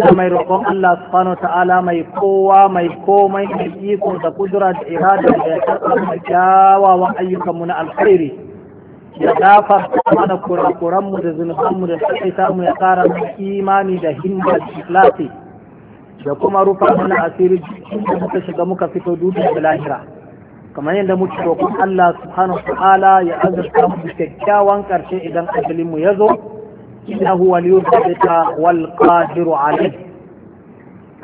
da mai roƙon Allah subhanahu ta'ala mai kowa mai komai mai iko da kudura da irada da ya karɓa kyawawan ayyukanmu na alkhairi ya dafa mana kurakuranmu da zunubanmu da sakaita mu ya ƙara mu imani da himma da ikhlasi da kuma rufa mana asiri da muka shiga muka fito duniya da lahira kamar yadda muke roƙon Allah subhanahu ta'ala ya azurta mu kyakkyawan ƙarshe idan ajalin mu ya zo إنه ولي ذلك والقادر عليه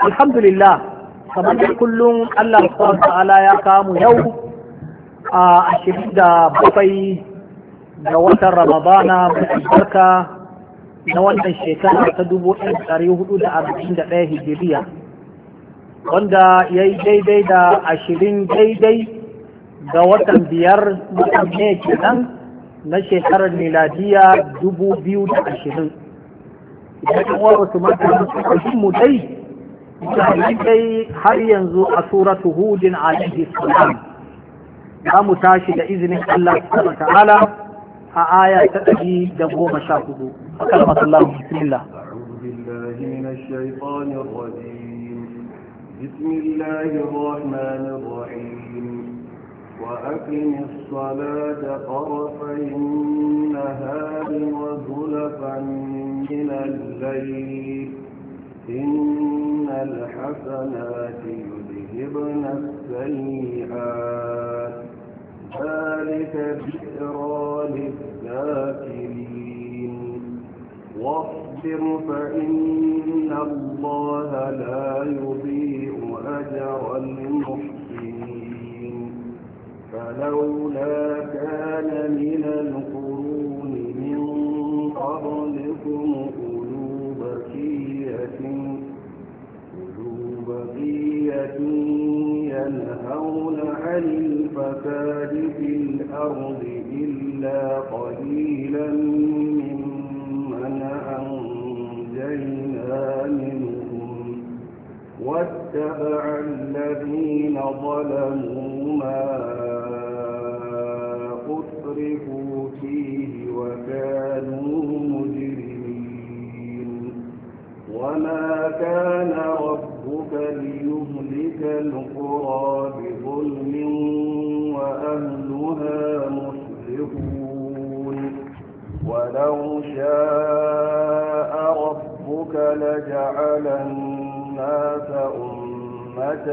الحمد لله kamar kullum Allah subhanahu ta'ala ya kamu yau a ashirin da bakwai ga watan Ramadana barka na wannan shekara ta dubu ɗaya ɗari hudu da arba'in da ɗaya hijiriya wanda ya yi daidai da ashirin daidai ga watan biyar watan ne kenan na shekarar miladiya dubu biyu da ashirin idan wa wasu mutane mu dai dai har yanzu a suratu hudin alaihi salam za mu tashi da izinin Allah subhanahu ta'ala a aya ta ɗari da goma sha hudu kalmar Allah bismillah بسم الله الرحمن الرحيم وأقم الصلاة طرفي النهار وزلفا من الليل إن الحسنات يذهبن السيئات ذلك ذكرى للذاكرين واصبر فإن الله لا يضيع أجر المحسنين فلولا كان من القرون من قبلكم أولو بقية أولو بقية ينهون عن الفساد في الأرض إلا قليلا ممن أنجينا منهم واتبع الذين ظلموا ما أسرفوا فيه وكانوا مجرمين وما كان ربك ليهلك القرى بظلم وأهلها مصلحون ولو شاء ربك لجعل الناس أمة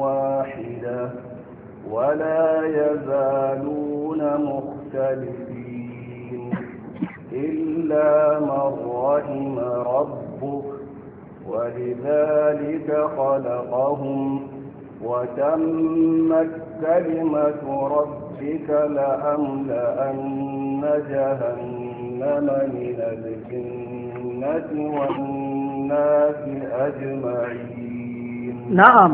واحدة ولا يزالون مختلفين إلا من رحم ربك ولذلك خلقهم وتمت كلمة ربك لأملأن جهنم من الجنة والناس أجمعين نعم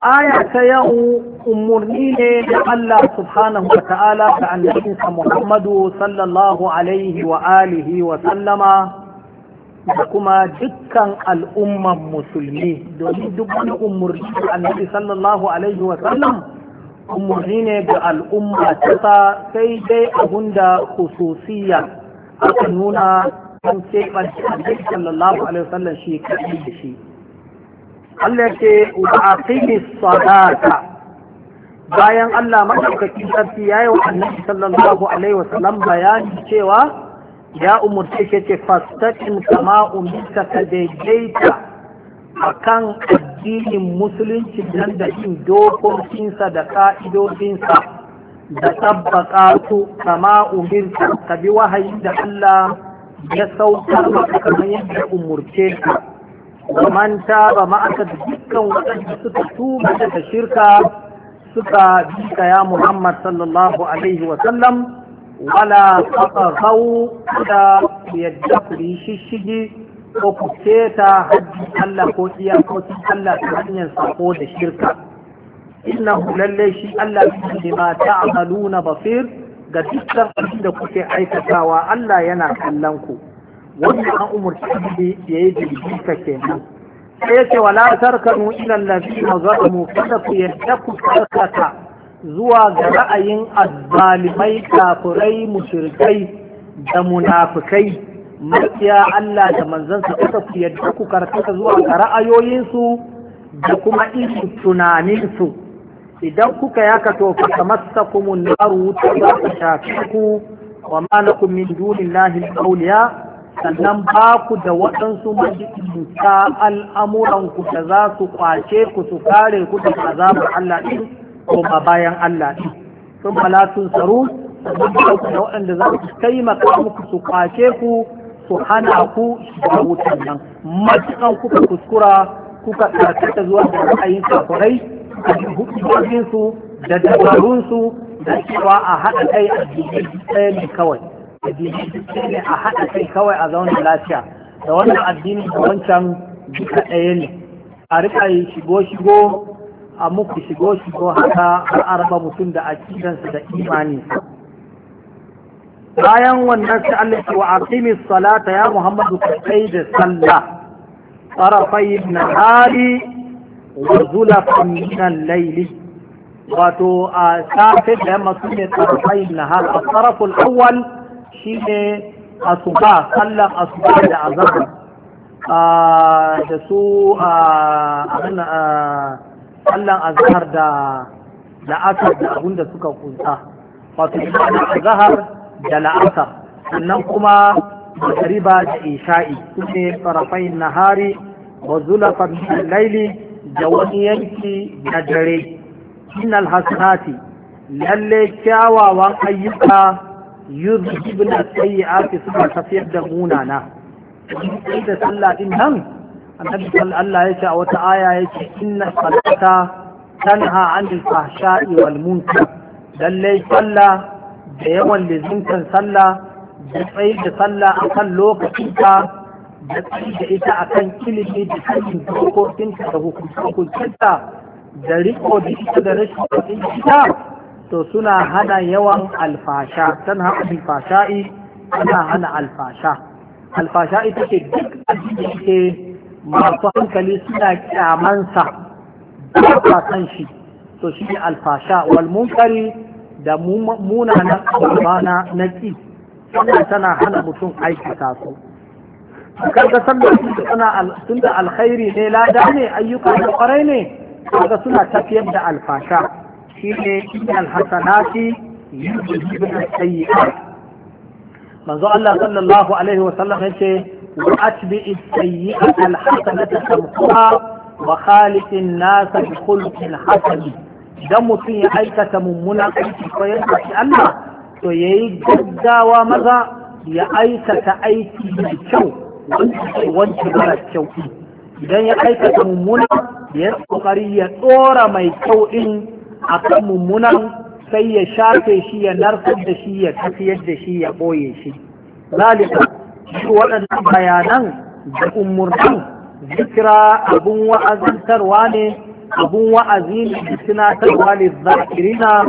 aya ta yau umarni ne da Allah subhanahu wa ta'ala ga annabinsa Muhammadu sallallahu alaihi wa alihi wa sallama da kuma dukkan al'umman musulmi domin duk wani umarni da annabi sallallahu alaihi wa sallam umarni ne ga al'umma ta sai dai abunda khususiyya aka nuna an keɓar da sallallahu alaihi wa sallam shi kaɗi da shi Allah ce wa aqimi salata bayan Allah madaukakin sarki yayi wa Annabi sallallahu alaihi wasallam bayani cewa ya umurce shi ce fastaqim kama umirta ka daidaita akan addinin musulunci dan da yin dokokinsa da ka'idodinsa da tabbaka su kama umirta ka bi wahayi da Allah ya sauka maka kamar yadda umurce ka man taba ma'aka dukkan waɗanda suka tuba daga shirka suka bika ya Muhammad sallallahu alaihi wa sallam wala taqaw da yadda ku yi shishigi ko ku keta hajji Allah ko iyakokin Allah ta hanyar sako da shirka innahu lalle shi Allah bi ma ta'maluna Bafir ga dukkan abin da kuke aikatawa Allah yana kallon ku wannan an umurci abin ya yi ke nan sai ya ce wala tarkanu ila allazina zalamu kada ku yadda ku karkata zuwa ga ra'ayin azzalimai kafirai mushrikai da munafikai makiya Allah da manzansa kada ku yadda ku karkata zuwa ga ra'ayoyinsu da kuma irin tunaninsu idan kuka yaka to fa tamassakumun naru ta shafi ku wa malakum min dunillahi awliya sannan ba ku da waɗansu al'amuran ku da za su kwace ku su kare ku da azabar Allah ɗin ko ma bayan Allah ɗin sun malatun tsaro sannan ba ku da waɗanda za su taimaka muku su kwace ku su hana ku da wutan nan matukan kuka kuskura kuka tsakata zuwa da ra'ayin safurai a hukumominsu da dabarunsu da cewa a haɗa kai a jirgin ɗaya ne kawai addini ne a haɗa kai kawai a zauna lafiya da wannan addini da wancan duka ɗaya ne a rika yi shigo shigo a muku shigo shigo haka har araba mutum da akidansa da imani bayan wannan sai Allah ya wa aqimi salata ya Muhammadu kai da sallah tarafai nahari wa zulafan min al wato a safe da yamma sune tarafai nahar a taraful awwal shi ne asuba sallan asuba da azhar ah, da su ah, ah, sallan azhar da da da abun da suka kunsa wato da azhar da la'asar sannan kuma da isha'i su ne hari nahari wa zulafan laili da wani yanki na dare Inal hasanati lalle kyawawan ayyuka yuzhibna sayyi'ati suna tafiyar da munana sai da sallah din nan annabi Allah ya ce a wata aya ya ce inna salata tanha anil fahsha'i wal munkar lallai sallah da yawan lizinkan sallah da tsayi da sallah akan lokacin Ka da tsayi da ita akan ilimi da sanin dokokinta da hukuncinta da riko da ita da rashin kuɗin ita to suna hana yawan alfasha tana alfasha'i ana hana alfasha alfasha ita ce duk abin yake masu hankali suna kyamansa ba san shi to shi ne alfasha wal munkari da munanan abubuwa na ki sannan tana hana mutum aikata su kaga sannan suna tunda alkhairi ne lada ne ayyuka da kwarai ne kaga suna tafiyar da alfasha shi ne inal hasanati yuzhibna sayyi'at manzo Allah sallallahu alaihi wa sallam yace wa atbi as-sayyi'ata al-hasanata tamquha wa khaliqin nas bi khulqin hasan idan mutum ya aikata mummuna aiki ko ya shi Allah to yayi gaggawa maza ya aikata aiki mai kyau wanda mara kyau idan ya aikata mummuna ya kokari ya tsora mai kyau din a kan mummunan sai ya shafe shi ya narkar da shi ya tafiyar da shi ya ɓoye shi zalika shi waɗannan bayanan da umurnan zikira abun wa'azantarwa ne abun wa'azi ne da tunatarwa ne zakirina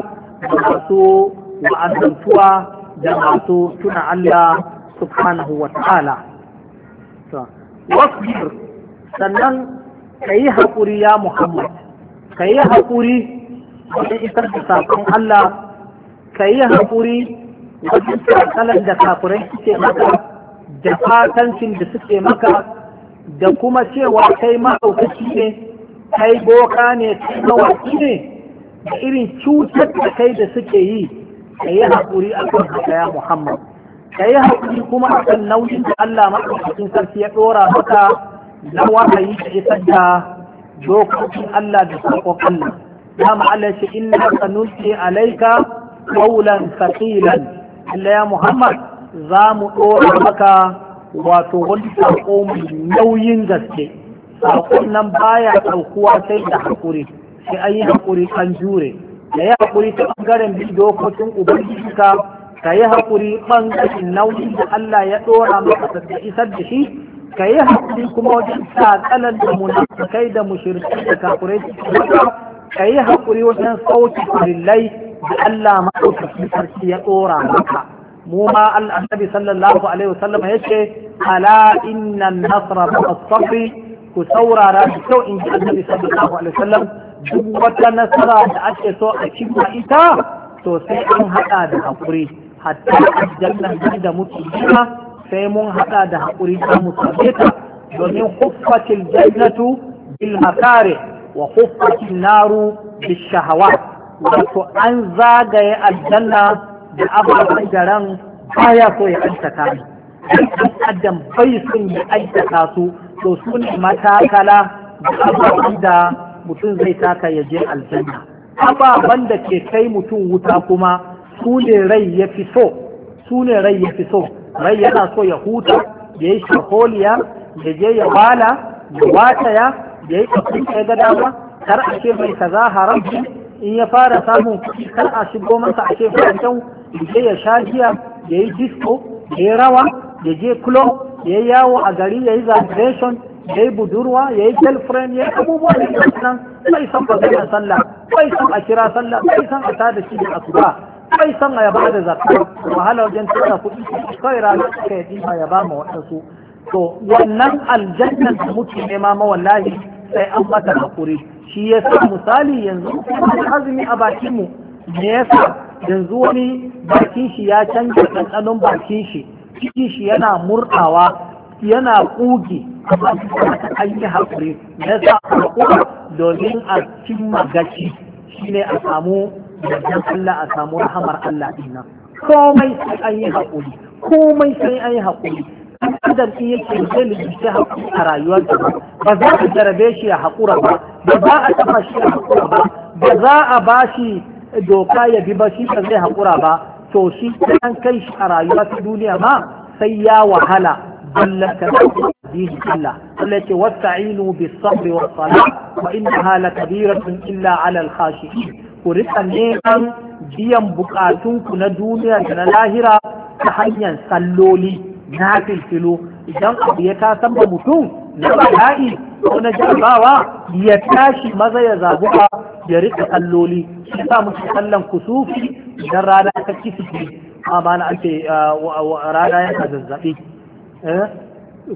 da masu wa'azantuwa da masu tuna Allah subhanahu wa ta'ala Wasu sannan ka yi haƙuri ya Muhammad ka yi haƙuri wajen isar da sakon Allah ka yi haƙuri wajen tsakalar da kafirai suke maka da fatancin da suke maka da kuma cewa kai mahaukaci ne kai boka ne kai mawaki ne da irin cutar da kai da suke yi ka yi haƙuri a kan haka ya Muhammad ka yi haƙuri kuma a kan nauyin da Allah maɗaukakin sarki ya ɗora maka na wahayi da isar da dokokin Allah da saƙon Allah. dama Allah shi inna sanulki alaika qawlan thaqilan Allah ya Muhammad za mu dora maka wato wani sako mai nauyin gaske sakon nan baya ɗaukuwa sai da hakuri sai an yi hakuri an jure da yi hakuri ta bangaren bin dokokin ubangijinka ka yi hakuri ɓangaren nauyin da Allah ya dora maka da isar da shi ka yi hakuri kuma wajen takalar da munafikai da mushirki da kafirai ka yi haƙuri wajen sauki farillai da Allah maɗaukaki sarki ya ɗora maka mu ma annabi sallallahu alaihi wasallam ya ce ala inna nasra bi ku saurara da kyau in ji annabi sallallahu alaihi wasallam duk wata nasara da ake so a cimma ita to sai an haɗa da haƙuri hatta aljannan da muke jira sai mun haɗa da haƙuri ta mu ta domin huffatil jannatu bil makare wa huffat naru shahawa wato an zagaye aljanna da ababen da baya so ya aikata ne dan adam bai son ya aikata su to su ne matakala da da mutum zai taka ya je aljanna ababen da ke kai mutum wuta kuma su ne rai ya fi so su ne rai ya fi so rai yana so ya huta ya yi shaholiya ya je ya wala ya wataya ya yi abin da ga dama kar a ce mai kaza in ya fara samun kar a shigo masa a ce fahimtan je ya sha giya ya yi disco ya yi rawa ya je club ya yi yawo a gari ya yi vibration ya yi budurwa ya yi girlfriend ya yi abubuwa da ke nan bai san ba zai sallah bai san a kira sallah bai san a tada shi da asuba bai san a yaba da zakka wahala wajen tura kuɗi kai ranar suka yi ya ba waɗansu to wannan aljannan da muke nema ma wallahi sai an mata hakuri shi ya sa misali yanzu azumi a bakinmu me yasa yanzu wani bakin shi ya canza ɗanɗanon bakin shi ciki shi yana murɗawa yana ƙugi amma an yi me ya sa haƙura domin a cimma gaci shi ne a samu yardan Allah a samu rahamar Allah ɗin komai sai an yi hakuri komai sai an yi hakuri. dan adam in yake zai lubce a rayuwarsa ba za a jarabe shi a haƙura ba ba za a taɓa shi a haƙura ba ba za a ba shi doka ya bi ba shi kan zai haƙura ba to shi an kai shi a rayuwa ta duniya ma sai ya wahala بلك دين الله التي واستعينوا بالصبر والصلاة وإنها لكبيرة إلا على ku rika neman biyan bukatunku na duniya da na lahira ta hanyar salloli na filfilo idan abu ya tasan ba mutum na bala'i ko na jarabawa ya tashi maza ya zabuwa ya rika alloli shi sa muke kallon kusufi idan rana ta kifi a ba na ake rana yana zazzaɓi eh?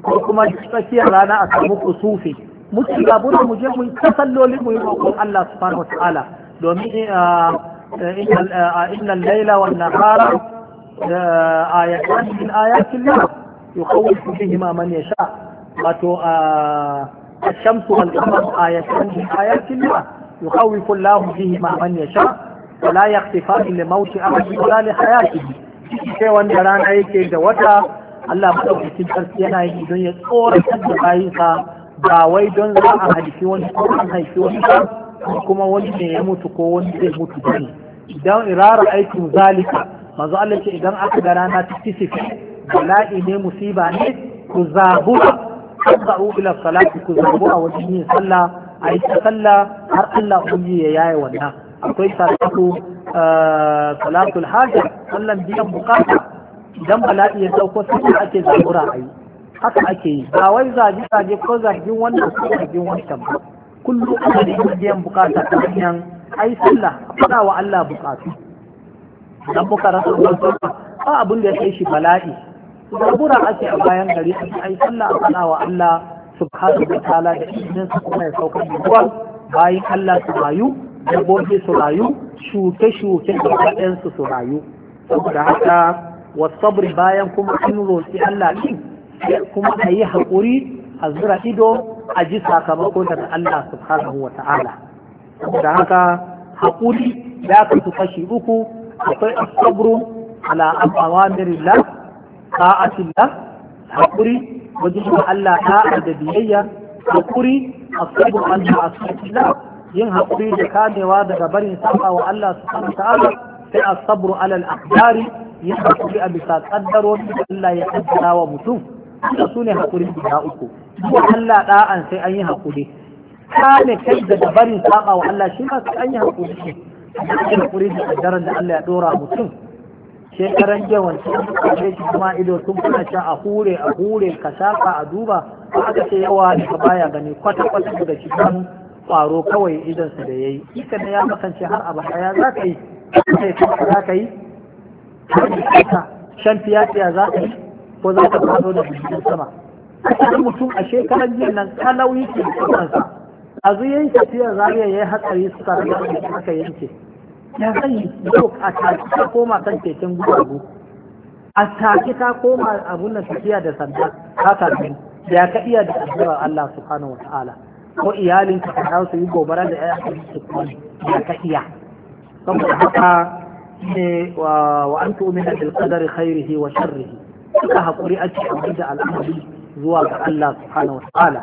ko kuma tsakiyar rana a samu kusufi muke zabura mu je mu yi ta salloli mu yi roƙon Allah subhanahu wa ta'ala domin ah, eh, inna ah, laila wan nahara ayatan min ayatin Allah yuqawwitu bihima man yasha wato الشمس والقمر آيتان من آيات الله يخوف الله بهما من يشاء ولا يختفان لموت أحد ولا لحياته sai wanda rana yake da wata Allah madaukakin sarki yana yi don ya tsoratar da bayinsa ba wai don za a haifi wani ko an haifi wani ba kuma wani ya mutu ko wani zai mutu idan irara aikin zalika manzo Allah ce idan aka ga rana ta kisi bala'i ne musiba ne ku zabura tabba'u ila salati ku zabu a wajen yin sallah a yi sallah har Allah ubangi ya yaye wannan akwai salatu eh, salatul haja, sallan biyan bukata idan bala'i ya dauko sai ake zabura a yi haka ake yi ba wai zage zage ko zargin wannan ko zargin wancan ba kullum ana da biyan bukata ta hanyar ai sallah faɗa wa Allah bukatu dan buka rasa wannan ba abin da ya kai shi bala'i zabura ake a bayan gari a ai sallah a sana wa Allah subhanahu wa ta'ala da izinin sa kuma ya sauka da bayan Allah su rayu gobe su rayu shuke-shuke da waɗansu su rayu saboda haka wasabri bayan kuma an roƙi Allah ɗin kuma a yi haƙuri a zura ido a ji sakamako daga Allah subhanahu wa ta'ala saboda haka haƙuri ya kasu kashi uku akwai asabru ala awamirillah ta'atillah hakuri wajen yi Allah ta'a da biyayya hakuri asabru an ta'atillah yin hakuri da kamewa daga barin saba wa Allah su subhanahu ta'ala sai asabru ala al yin hakuri a bisa kaddarori da Allah ya kaddara wa mutum da su ne hakuri guda uku duk Allah ɗa'an sai an yi hakuri kame kai daga barin saƙa wa Allah shi ma sai an yi hakuri da hakuri da kaddaran da Allah ya dora mutum shekaran jawan sun kaje shi kuma ido sun kuna sha a hure a hure ka shafa a duba ba aka ce yawa da ka baya gani kwata kwata daga cikin kwaro kawai idan su da yayi ikan ne ya makance har abu ya za ka yi sai ka za ka yi shan tiyatiya za ka yi ko za ka fado da jirgin sama kasar mutum a shekaran jiya nan kalau yake da kansa a zuyen shafiyar zariya ya yi hatsari suka rage aka yanke ya zai yau a tashi ta koma kan keken guragu a tashi ta koma abun nan tafiya da sanda ta tafi da ka iya da addu'a Allah subhanahu wa ta'ala ko iyalin ka ta su yi gobara da ya su kuma ya ka iya saboda haka ne wa an tu'mina bil qadari khairihi wa sharrihi suka hakuri a cikin da al'amari zuwa ga Allah subhanahu wa ta'ala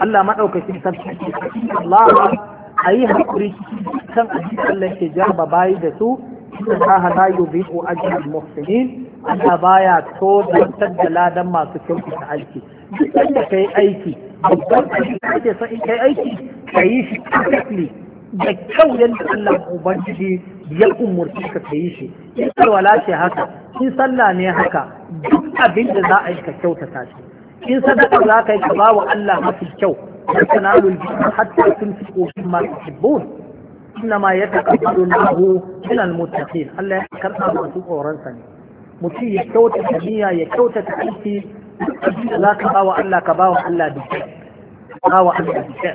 Allah madaukakin sarki Allah a yi haƙuri kan abin Allah ke jarba bayi da su Allah la yubiqu ajra al-muhsinin Allah baya to da ladan masu da aiki duk da yi aiki babban aiki kake sa in yi aiki ka yi shi perfectly da kyau yadda Allah ubangiji ya umurci ka yi shi in salwala ce haka in sallah ne haka duk abin da za a yi ka kyautata shi in sadaka za ka yi ka wa Allah mafi kyau تنالوا الجنة حتى تنفقوا مما تحبون إنما يتقبل الله من المتقين الله يذكرنا بمسوء ورنسا mutum ya kyautata niyya ya kyautata aiki za ka bawa Allah ka bawa Allah duka bawa Allah duka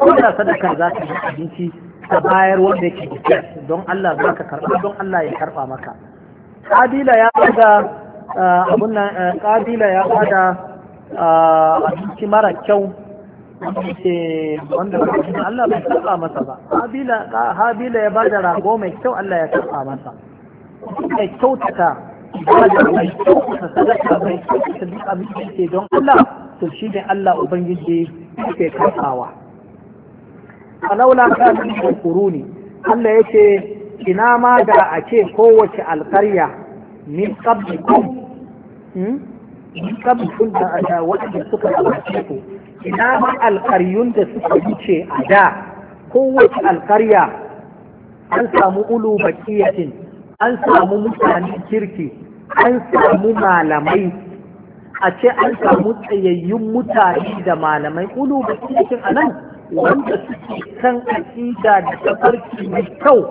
wanda sadakar za ka yi abinci ka bayar wanda yake duka don Allah za ka karɓa don Allah ya karɓa maka kabila ya bada abun mara kyau wanda Allah bai karɓa masa ba habila ya bada rago mai kyau Allah ya karɓa masa mai kyautata ibada mai kyautata sadaka mai kyautata duk abin da yake don Allah to shi ne Allah ubangiji yake karɓawa falaula kana min kuruni. Allah yake ina ma da a ce kowace alƙarya min qablikum hmm? min qablikum da a waɗanda suka gabace ku ina ma alkaryun da suka wuce a da kowace alkarya an samu ulu bakiyatin an samu mutane kirki an samu malamai a ce an samu tsayayyun mutane da malamai ulu bakiyatin a nan wanda suke kan aƙida da tafarki mai kyau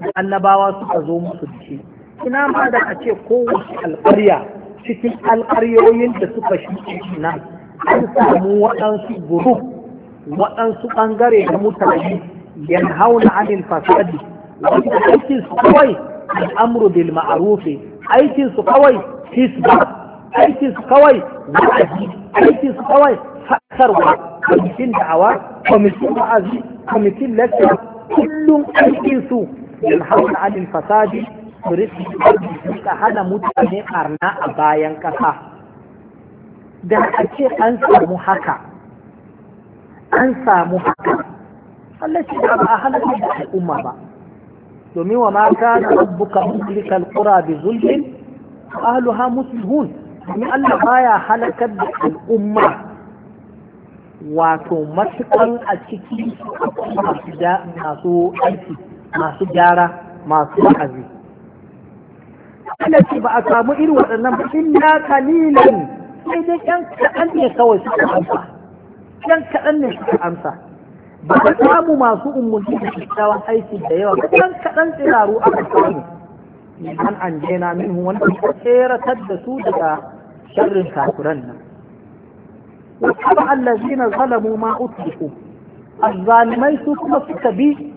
da annabawa suka zo musu da ina ma da a ce kowace alkarya cikin alkaryoyin da suka shi nan an samu waɗansu guruf waɗansu ɓangare da mutane yan hauna anil fasadi wanda aikin su kawai al'amru bil ma'arufi aikin su kawai hisba aikin su kawai wa'azi aikin su kawai fassarwa kwamitin da'awa kwamitin wa'azi kwamitin lecture kullum aikin su yan hauna anil fasadi su rika hana mutane arna a bayan ƙasa da ce an samu haka an samu haka Allah da ba a halaka da al'umma ba domin wa ma kana rabbuka muhlika alqura bi zulmin ahluha muslihun domin Allah baya halakar da al'umma wato matukar a ciki masu aiki masu gyara masu ba'azi. Allah ce ba a samu irin waɗannan ba illa kalilan sai dai yan kaɗan ne kawai suka amsa yan kaɗan ne suka amsa ba ka samu masu umarni da kyakkyawan aiki da yawa ba yan kaɗan tsiraru aka samu an an jena min wanda suka tseratar da su daga sharrin kafiran nan واتبع الذين ظلموا ما أطلقوا الظالمين سوكما سكبي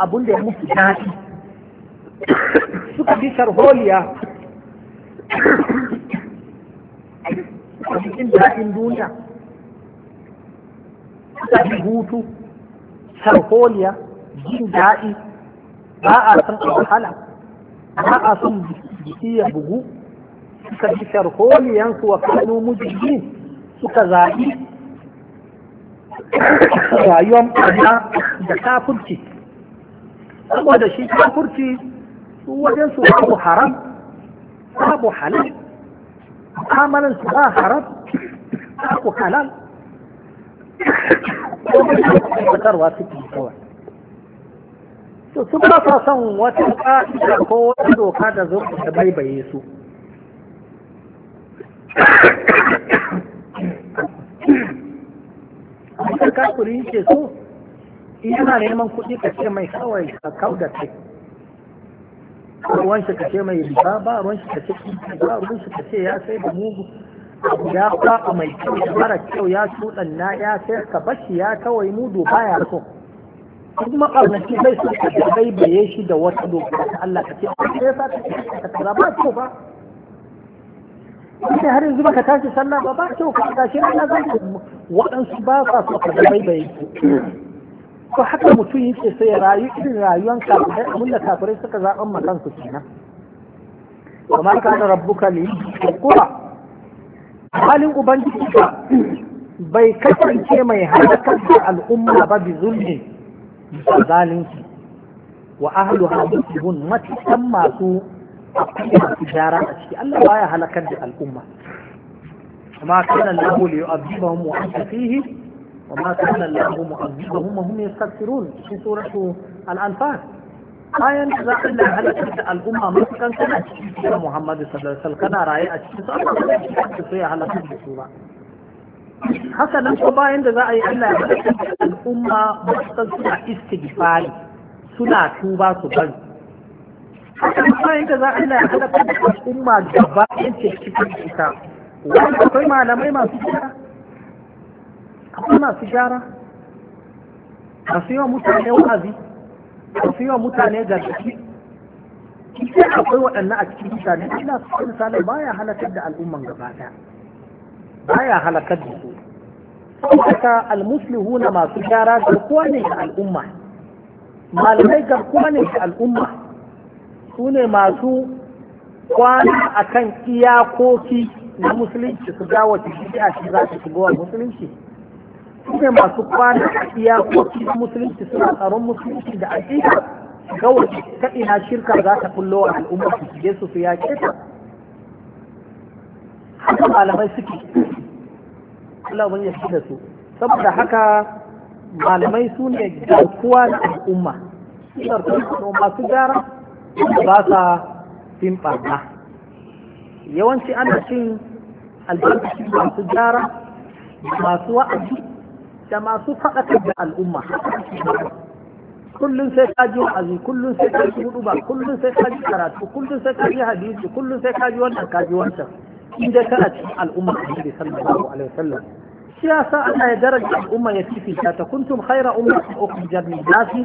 أبون دي مفتاحي suka bi sharholiya a cikin daɗin duniya ta hutu sarkoliya jin daɗi ba a san wahala ba a son jiki ya bugu suka ji sarholiyansu wa kanu mujibin suka zaɓi rayuwar ɓarna da kafurci saboda shi kafurci su wajen su babu haram babu halal mu'amalan su ba haram ko halal ko ba su tabbatarwa suke kawai to su ba sa son wata ƙa'ida ko wata doka da zo ta baibaye su Wata kafiri ce so, yana neman kuɗi ka ce mai kawai ka kau da kai. ruwan shi kace mai riba ba ruwan shi kace ba ruwan shi kace ya sai da mugu ya kwaɓa mai kyau da mara kyau ya na ya sai ka bashi ya kawai mudu baya so kuma ƙarnaki bai so ka da baye shi da wata doka ta Allah ka ce a sai ya sa ka kaza ba kyau ba kuma har yanzu baka tashi sallah ba ba kyau ka tashi Allah zai waɗansu ba sa so ka da baye su ko haka mutum yake sai ya rayu irin rayuwan kafirai abin da kafirai suka zaɓan ma kansu kenan kamar ka da rabbuka ne kuma halin ubangiji ka bai kasance mai halakar da al'umma ba bi zulmi da zalunci wa ahlu hadithun matakan masu akwai masu gyara a ciki Allah baya halakar da al'umma kuma kana lahu li yu'adhibahum wa anta fihi وما كان الله مؤذبهم وهم يستغفرون في سورة الأنفال لا ينزع إلا هل أنت الأمة مسكا سنت محمد صلى الله عليه وسلم كان رأي أجلس أصلا تفريع على كل سورة حسنا نفسه ما ينزع إلا هل أنت الأمة مسكا سنت استغفال سنة كوبا سبحان حسنا نفسه ما ينزع إلا هل أنت الأمة جبا أنت تفريع إسا وانت تفريع على ما akwai masu gyara masu yawan mutane wa'azi masu yawan mutane gargaɗi sai akwai waɗannan a cikin mutane ina su misali baya halakar da al'umman gaba ɗaya baya halakar da su saboda huna masu gyara garkuwa ne ga al'umma malamai garkuwa ne ga al'umma su ne masu kwana akan iyakoki na musulunci su gawa shi a shi za su shigo musulunci suke masu kwana a da musulunci suna tsaron musulunci da aƙida kawai kaɗi ina shirka za ta kullo a al'ummar su je su yaƙe ta haka malamai suke Allah wani ya da su saboda haka malamai su ne garkuwa na al'umma masu gyara ba sa fin ɓarna yawanci ana cin albarkacin masu gara masu wa'azi da masu faɗakar da al'umma kullum sai ka ji wa'azi kullum sai ka ji huduba kullum sai ka ji karatu kullum sai ka ji hadisi kullum sai ka ji wannan ka ji wancan in dai kana cikin al'umma annabi sallallahu alaihi wasallam shi yasa Allah ya daraja al'umma ya fifita ta kuntum khaira ummatin ukhrijat lin nasi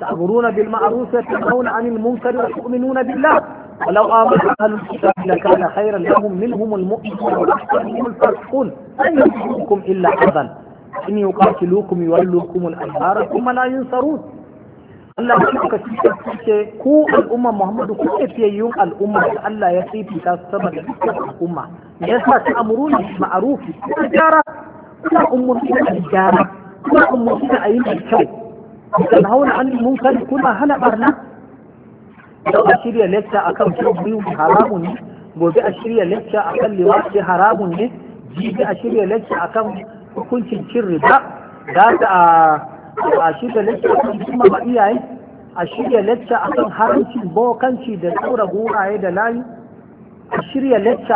ta'muruna bil ma'ruf wa tanhauna 'anil munkar wa tu'minuna billah ولو آمن أهل الكتاب لكان خيرا لهم منهم المؤمنون وأحسنهم الفاسقون لن يصيبكم إلا أذى in yuqatilukum yuwallukum al kuma la yunsarun Allah ya kuka ku al'umma Muhammadu ku al'umma da Allah ya fifita su sama da al'umma ta amuru ma'arufi ku gyara kuna da gyara kuna da ayi mai kyau kan hauna an kuna hana barna yau a shirya lecture akan ne gobe a shirya lecture akan liwashi haramun ne jibi a shirya lecture akan hukuncin cin riba za ta a shirya lecce kan kuma ba iyaye a shirya a kan haramcin bokanci da tsura guraye da layi a shirya lecce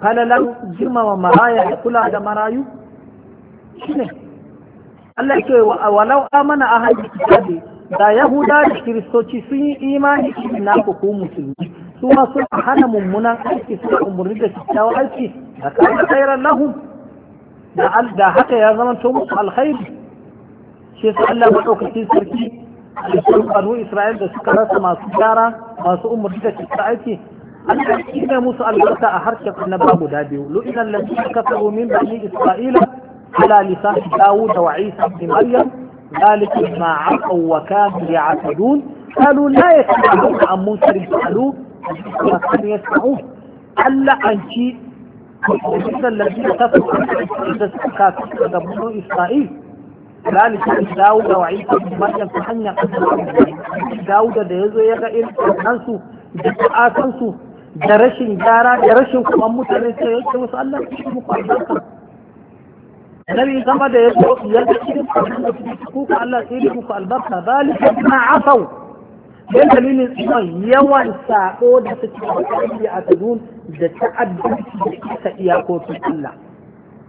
falalan girmama maraya da kula da marayu shine Allah ce walau amana a hanyar kitabe da yahuda da kiristoci sun yi imani na ku musulmi su ma sun hana mummunan aiki suna umarni da kyakkyawan aiki da kayan tsayar lahun دا دا حقا يا زمن تو مصع الخير شي صلى بعو كثير سركي اللي كان قالوا اسرائيل دا سكرات ما سكاره ما سوم مرجته تساعدتي انا كنا مصع الغطاء أحرك النبا ابو دابيو لو اذا الذين كفروا من بني اسرائيل على لسان داود وعيسى بن مريم ذلك ما عقوا وكانوا يعتدون قالوا لا يسمعون عن منكر قالوا لا يسمعون الا ان شيء وإذا الذين كفروا إذا كفروا بنو إسرائيل ذلك داود وعيسى بن مريم فحن داود da yazo ya ga irin kansu da ta'akansu da rashin gyara da rashin kuma mutane sai ya ce musu Allah ya muku albarka Nabi gama da yazo ya ga irin Allah ya albarka don dalilin tsohon yawan sako da suke wakilci a kadun da ta'addanci da isa iyakokin Allah.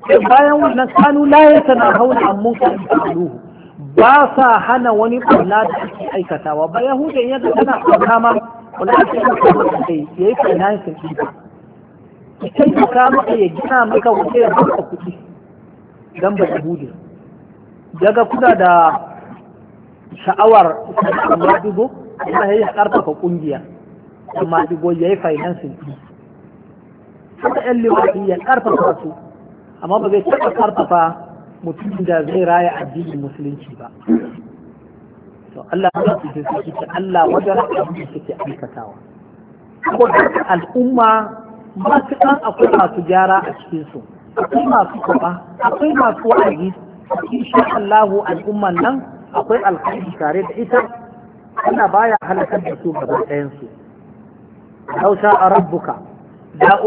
Bayan wannan sanu ya sana hauna ammun kan aluhu ba sa hana wani kula da ake aikatawa ba Yahuda in yadda tana kula ma kula da ake aikatawa da ya yi financin ɗinka. Kai ka kama ya gina maka wuce ya baka kuɗi don ba Yahudi. Daga kuna da sha'awar sana'ar madugo? Allah ya yi ƙarfafa ƙungiya amma digo ya yi financing haka yan limafi ya ƙarfafa su amma ba zai taɓa ƙarfafa mutumin da zai raya addinin musulunci ba to Allah ya ce su ce Allah wajen abin da suke aikatawa saboda al'umma ba su ɗan akwai masu gyara a cikinsu akwai masu kuma akwai masu wa'azi insha Allahu al'umman nan akwai alkhairi tare da ita ana baya halakar da su gaba ɗayan su hausha a rabbuka da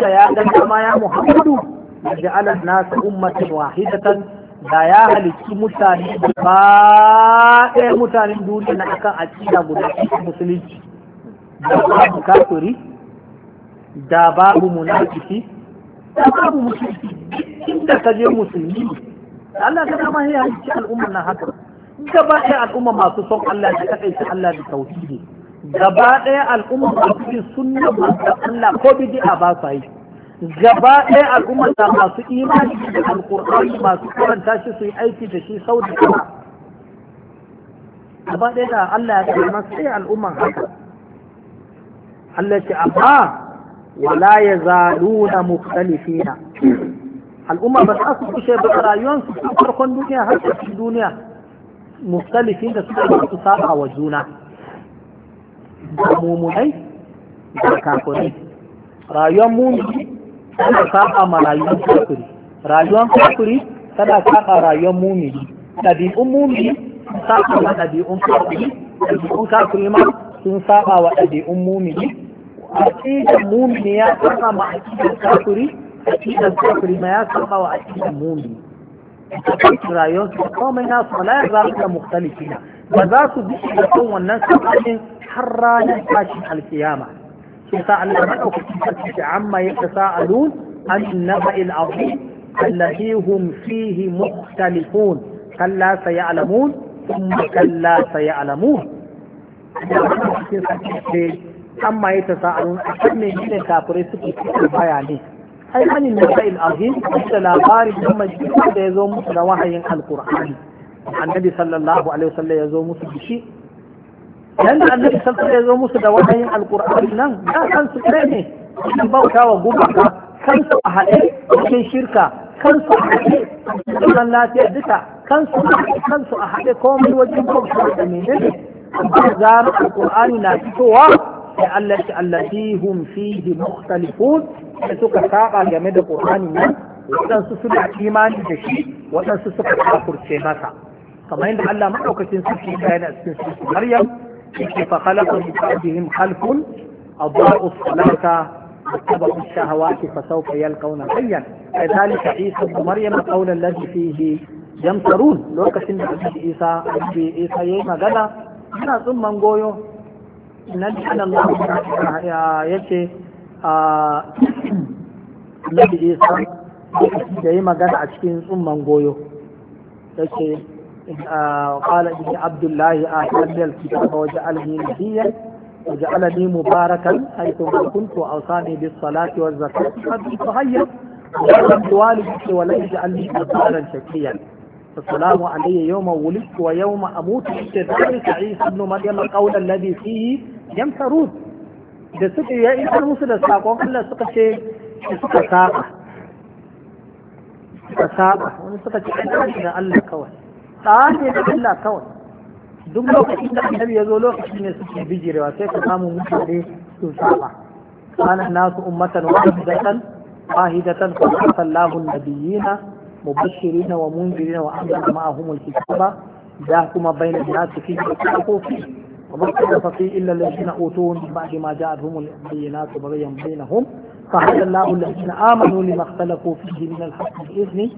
ka ya dan dama ya muhammadu yaj'ala an-nasa ummatan wahidatan da ya halicci mutane ba ɗaya mutanen duniya na akan aƙida guda musulunci da babu kafiri da babu munafiki da babu musulunci inda ka je musulmi Allah ta dama ya halicci al'ummar na haka gaba ɗaya al'umma masu son Allah da kaɗai Allah da tauhidi gaba ɗaya al'umma masu bin sunna masu Allah ko a ba sa yi gaba ɗaya al'umma da masu imani da alƙur'ani masu karanta shi su yi aiki da shi sau da kuma gaba ɗaya da Allah ya kama sai al'umman haka Allah ce amma wala ya zaluna mukhtalifina al'umma ba za su kushe ba rayuwarsu farkon duniya har duniya mustalifin da suka yi su saba wa juna da mumunai da kafirai rayuwar mumi tana saba ma rayuwar kafiri rayuwar kafiri tana saba rayuwar mumi. ɗabi'un mumi saba ma ɗabi'un kafiri ɗabi'un kafiri ma sun saba wa ɗabi'un mumini aƙidar mumini ya saba ma aƙidar kafiri aƙidar kafiri ma ya saba wa aƙidar mumi? rayuwarsu da komai nasu malayar za su da mukhtalifina ba za su bi da kan wannan sabanin har ranar tashin alkiyama shi sa Allah madaukakin sarki da amma ya ta sa'alun an naba'il azim allazi hum fihi mukhtalifun kalla sayalamun thumma kalla sayalamun amma ya ta sa'alun akan ne ne kafirai suke cikin bayani ai anin nasa'il azim da labarin da majalisar da ya zo musu da wahayin alkur'ani annabi sallallahu alaihi wasallam ya zo musu da shi dan da annabi sallallahu alaihi wasallam ya zo musu da wahayin alkur'ani nan da kansu ɗaya ne sun bauta wa gumaka kansu a haɗe cikin shirka kansu a haɗe zaman lafiya duka kansu kansu a haɗe komai wajen bauta da menene amma zarar alkur'ani na fitowa da Allah shi allati hum fihi mukhtalifun da suka saba game da Qur'ani nan waɗansu suna imani da shi waɗansu suka kafurce masa kamar yadda Allah madaukakin sarki ya yana cikin sura Maryam yake fa khalaqa min ba'dihim khalqun أضاءوا الصلاة واتبعوا الشهوات فسوف يلقون حيا كذلك عيسى بن مريم القول الذي فيه يمترون لوكا سن عيسى عيسى يما غدا ina tsumman goyo. nan Allah ya ce a Nabi Isa da yi magana a cikin tsumman goyo yake قال ابن عبد الله آتاني الكتاب وجعلني نبيا وجعلني مباركا حيثما كنت وأوصاني بالصلاة والزكاة فكنت هيا ولم والدي ولم يجعلني جبارا شقيا السلام علي يوم ولدت ويوم أموت ذلك عيسى ابن مريم القول الذي فيه yamtarud da suka ya isar musu da sakon Allah suka ce suka saba suka saba wani suka ce an da Allah kawai tsane da Allah kawai duk lokacin da annabi ya zo lokacin ne suke bijirewa sai ka samu mutane su saba kana nasu ummatan wahidatan wahidatan fa sallahu nabiyina mubashirin wa munzirin wa anzala ma'ahum al-kitaba da kuma bayyana nasu fi ko fi وما كتب فيه إلا الذين أوتوه من بعد ما جاءتهم البينات بغيا بينهم فهذا الله الذين آمنوا لما اختلفوا فيه من الحق بإذنه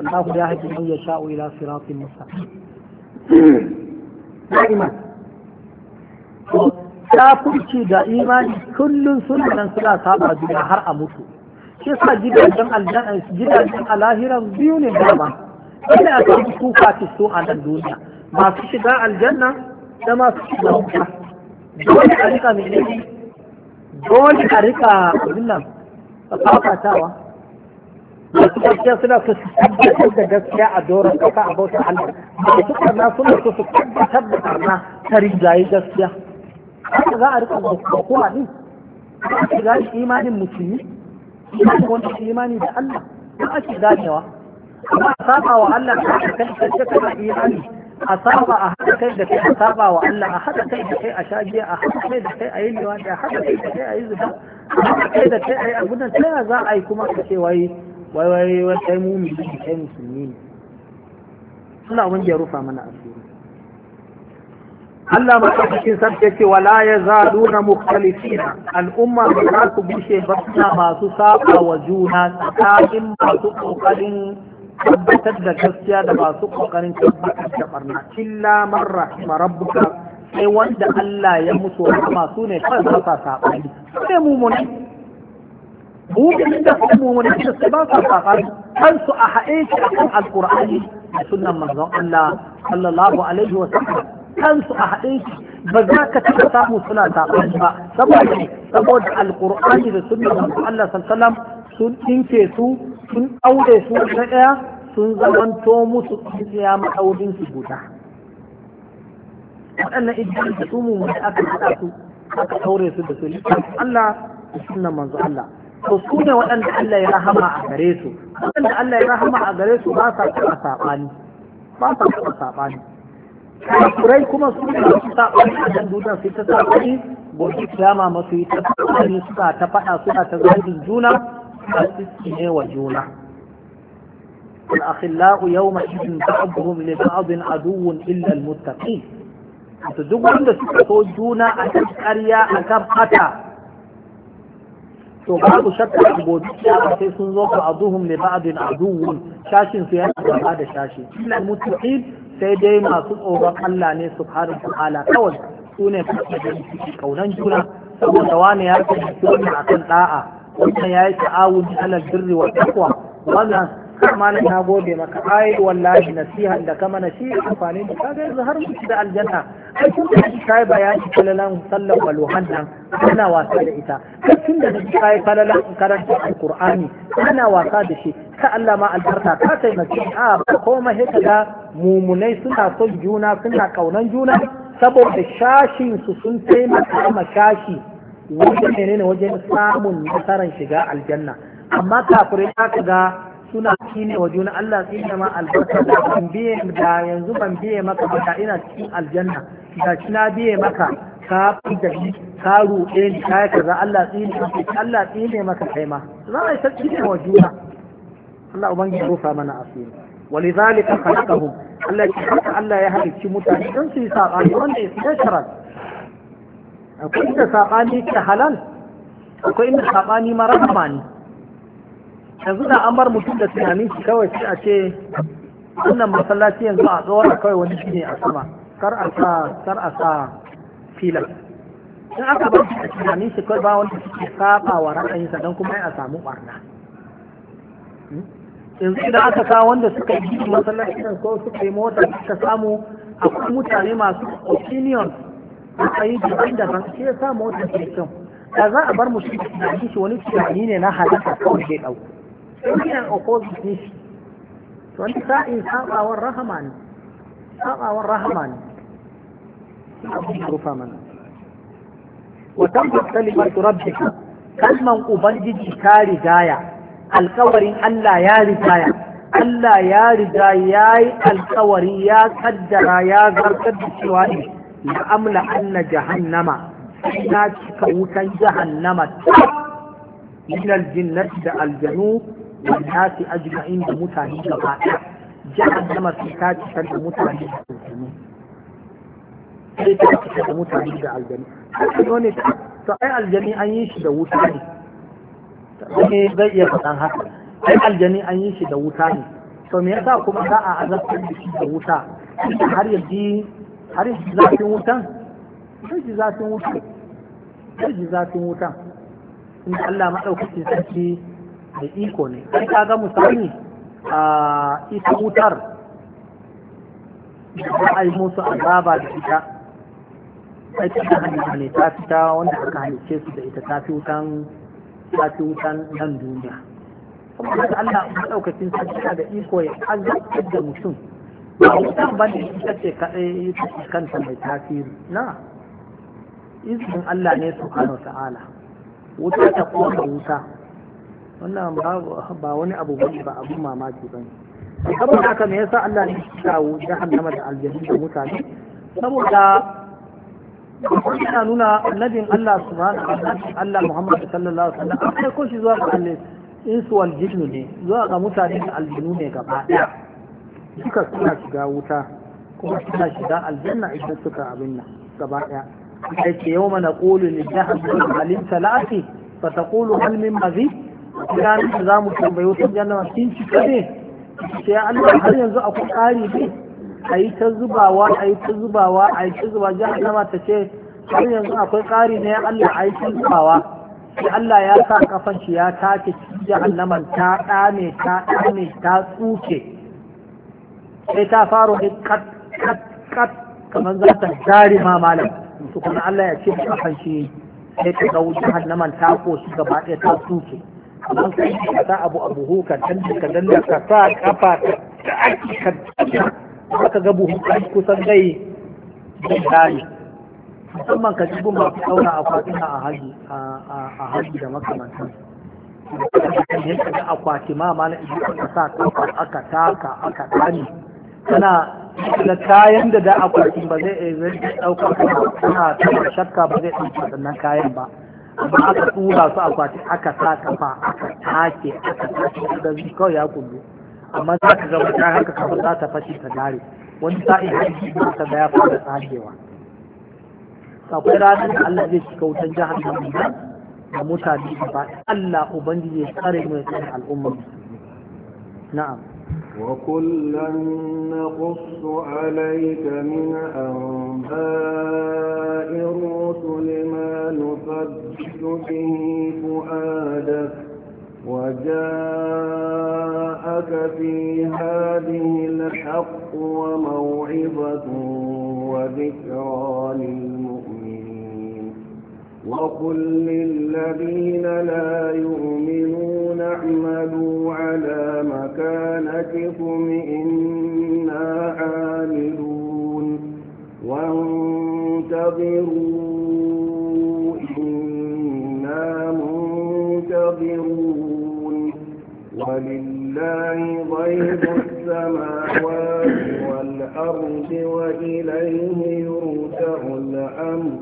الله يهدي من يشاء إلى صراط مستقيم. دائما يا كرشي دائما كل سنة من سنة تابعة بلا هر أموتو شيخا جدا جمع الجنة جدا جمع الآهرة بيوني داما إلا أتركوا فاتسوا على الدنيا ما في شداء الجنة na masu da wuta a rika mai dole a rika abin a fafatawa wasu gaskiya suna so da gaskiya a doron kasa a bauta Allah suna so su tabbatar da karna ta rinjaye gaskiya haka za a rika da din ake imanin musulmi imanin wanda imani da Allah ake ganewa amma saba wa Allah ta kai kai kai imani a saba a haɗa kai da kai a saba wa Allah a haɗa kai da kai a shagiya a haɗa kai da kai a yi liwaɗi a haɗa kai da kai a yi zuba a haɗa kai da kai a yi abu nan ta za a yi kuma ka ce wai wai wai wai kai mu musulmi kai musulmi ne Allah wanda ya rufa mana asiri Allah maɗaukakin sarki ce wala ya zaɗu na mukhtalifina al'umma ba za su bushe ba suna masu saba wa juna tsakanin masu ƙoƙarin tabbatar da gaskiya da masu kokarin tabbatar da barna illa man rahima rabbuka sai wanda Allah ya musu kuma su ne kan ba sa sabani sai mumuni mu'minin da kuma mumuni da sai ba sa sabani kansu a haɗe shi akan alqur'ani da sunnan manzon Allah sallallahu alaihi wa sallam kansu a haɗe ba za ka taɓa samu suna sabani ba saboda saboda alqur'ani da sunnan manzon Allah sallallahu alaihi wa sallam sun ɗinke su sun ɗaure su na ɗaya sun zamanto musu tsintsiya su guda waɗannan idan da tsumu da aka haɗa su aka ɗaure su da su Allah da sunan manzo Allah to su ne waɗanda Allah ya rahama a gare su waɗanda Allah ya rahama a gare su ba sa taɓa saɓani ba sa taɓa saɓani kuma su ne su saɓani a dan duniya sai ta saɓani gobe kiyama masu yi ta saɓani suka ta faɗa suna ta zargin juna arziki ne wa juna الأخلاء يومئذ بعضهم لبعض عدو إلا المتقين to duk wanda suka so juna a karya a kan fata to babu shakka gobe ya sai sun zo ka aduhum li ba'din aduwwun shashin su yana gaba da shashi illal muttaqin sai dai masu tsoron Allah ne subhanahu wa juna saboda wani ya ce su ne akan da'a wannan ya yi ta'awuni ala birri wa taqwa wannan kama na gode maka ai wallahi nasiha da kama na shi amfani da kaga yanzu har mutu da aljanna ai tun da shi kai bayani kalalan sallan waluhan nan ana wasa da ita kai tun da shi kai kalalan karanta alqur'ani ana wasa da shi ka Allah ma albarka ka taimaki a ba komai haka da mumunai suna son juna suna kaunan juna saboda shashin su sun taimaka ma shashi wajen menene wajen samun nasarar shiga aljanna amma kafirai aka ga suna shine wa juna Allah tsina ma albarka da ban biye da yanzu ban biye maka ba da ina cikin aljanna da shi na biye maka ka da shi ka ruɗe ni ka kaza Allah tsine maka Allah tsine maka kai ma za a yi tsine wa juna Allah ubangiji rufa mana asiri ولذلك خلقهم Allah ya haka Allah ya halicci mutane don su yi saɓani wanda ya fi akwai inda saɓani ke halal akwai inda saɓani mara ne yanzu da an bar mutum da tunanin shi kawai sai a ce wannan masallaci yanzu a tsawon kawai wani shi ne a sama kar a sa kar a sa filan in aka bar shi a tunanin shi kawai ba wanda suke saɓa wa sa don kuma a samu ɓarna. yanzu idan aka sa wanda suka yi masallaci ko suka yi mota suka samu akwai mutane masu opinions matsayi daban daban shi ya sa motar ke kyau da za a bar mu shi tunani shi wani tunani ne na halitta kawai zai ɗau sai yana opposite ne shi wani sa'in sabawar rahama ne sabawar rahama ne abin rufa mana wa tabbata kalimatu rabbika kalman ubangiji ta rigaya alkawarin Allah ya rigaya Allah ya riga ya yi alkawari ya kaddara ya zartar da cewa ne la amla anna jahannama na cika wutan jahannama ta. min aljinnati da aljanu wa nasi ajma'in da mutane gaba ɗaya jahannama sai ta cika da mutane da aljanu sai ta cika da mutane da aljanu haka ne to ai aljani an yi shi da wuta ne wani zai iya faɗan haka ai aljani an yi shi da wuta ne to me yasa kuma za a azabtar da shi da wuta har yanzu har ji zafin wutan har ji zafin wutan har ji zafin wutan in Allah maɗaukacin sarki mai iko ne sai ka ga misali a ita wutar da za a yi musu azaba da ita sai ta hannu ne ta fita wanda aka halice su da ita ta fi wutan ta fi wutan nan duniya kuma Allah maɗaukacin sarki da iko ya azabtar da mutum kan ba ne ita ce kaɗai kanta mai tasiri na izinin Allah ne subhanahu ta'ala wuta ta koma wuta wannan ba wani abu ba ba abu mamaki ba ne saboda haka me yasa Allah ne ya kawo jahannama da aljanna da mutane saboda yana nuna annabin Allah subhanahu wa ta'ala Allah Muhammad sallallahu alaihi wasallam akwai ko shi zuwa ga Allah insu wal jinnu ne zuwa ga mutane da aljinu ne gaba daya suka suna shiga wuta kuma suna shiga aljanna idan suka abin nan gaba ɗaya yake yau mana ƙulu ne jahannam halin ba fa taqulu hal min mazid kiran za mu tambayi wata jahannam kin ci kade sai Allah har yanzu akwai ƙari ne ayi ta zubawa ayi ta zubawa ayi ta zuba jahannama ta ce har yanzu akwai ƙari ne Allah ayi ta zubawa sai Allah ya sa kafan shi ya take jahannaman ta ɗame ta ɗame ta tsuke sai ta faro ne kat kat kat kamar za ta jari ma malam su kuma Allah ya ce a fanshi sai ta dawo jahannaman ta ko su gaba ɗaya ta tuke amma sai ka sa abu abu hu ka danna ka danna ka sa kafa ka aki ka danna aka ga buhu kusan gai da jari musamman ka jibu masu ɗaura a fatina a hajji da makamantan yadda da akwati ma mana ibi aka sa kafa aka taka aka tsani kana da kayan da da akwatin ba zai eh, zai ɗaukar kana tana shakka ba zai ɗauki waɗannan kayan ba amma aka tura su akwati aka sa kafa aka take aka take da zai kawai ya kullu amma za ka gaba ta haka kafa za ta fashi ta dare wani sa'in hanji ba ta ga ya fara tsagewa akwai ranar da Allah zai shiga wutan jihar nan da mutane ba Allah ubangiji ya tsare mu ya tsare al'ummar na'am وكلا نقص عليك من أنباء الرسل ما نفدت به فؤادك وجاءك في هذه الحق وموعظة وذكرى للمؤمنين وقل للذين لا يؤمنون اعملوا على مكانتكم إنا عاملون وانتظروا إنا منتظرون ولله غيب السماوات والأرض وإليه يرجع الأمر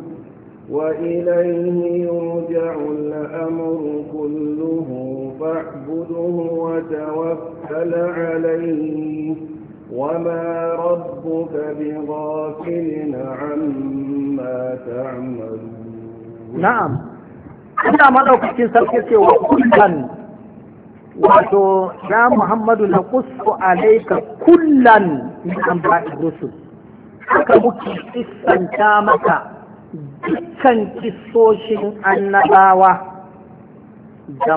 وإليه يرجع الأمر كله فاعبده وتوكل عليه وما ربك بغافل عما تعمل نعم أنا ملوك سلكتي وكلا wato ya muhammadu na عليك alaika kullan min an ba'i rusul haka muke maka dukkan kisoshin annabawa da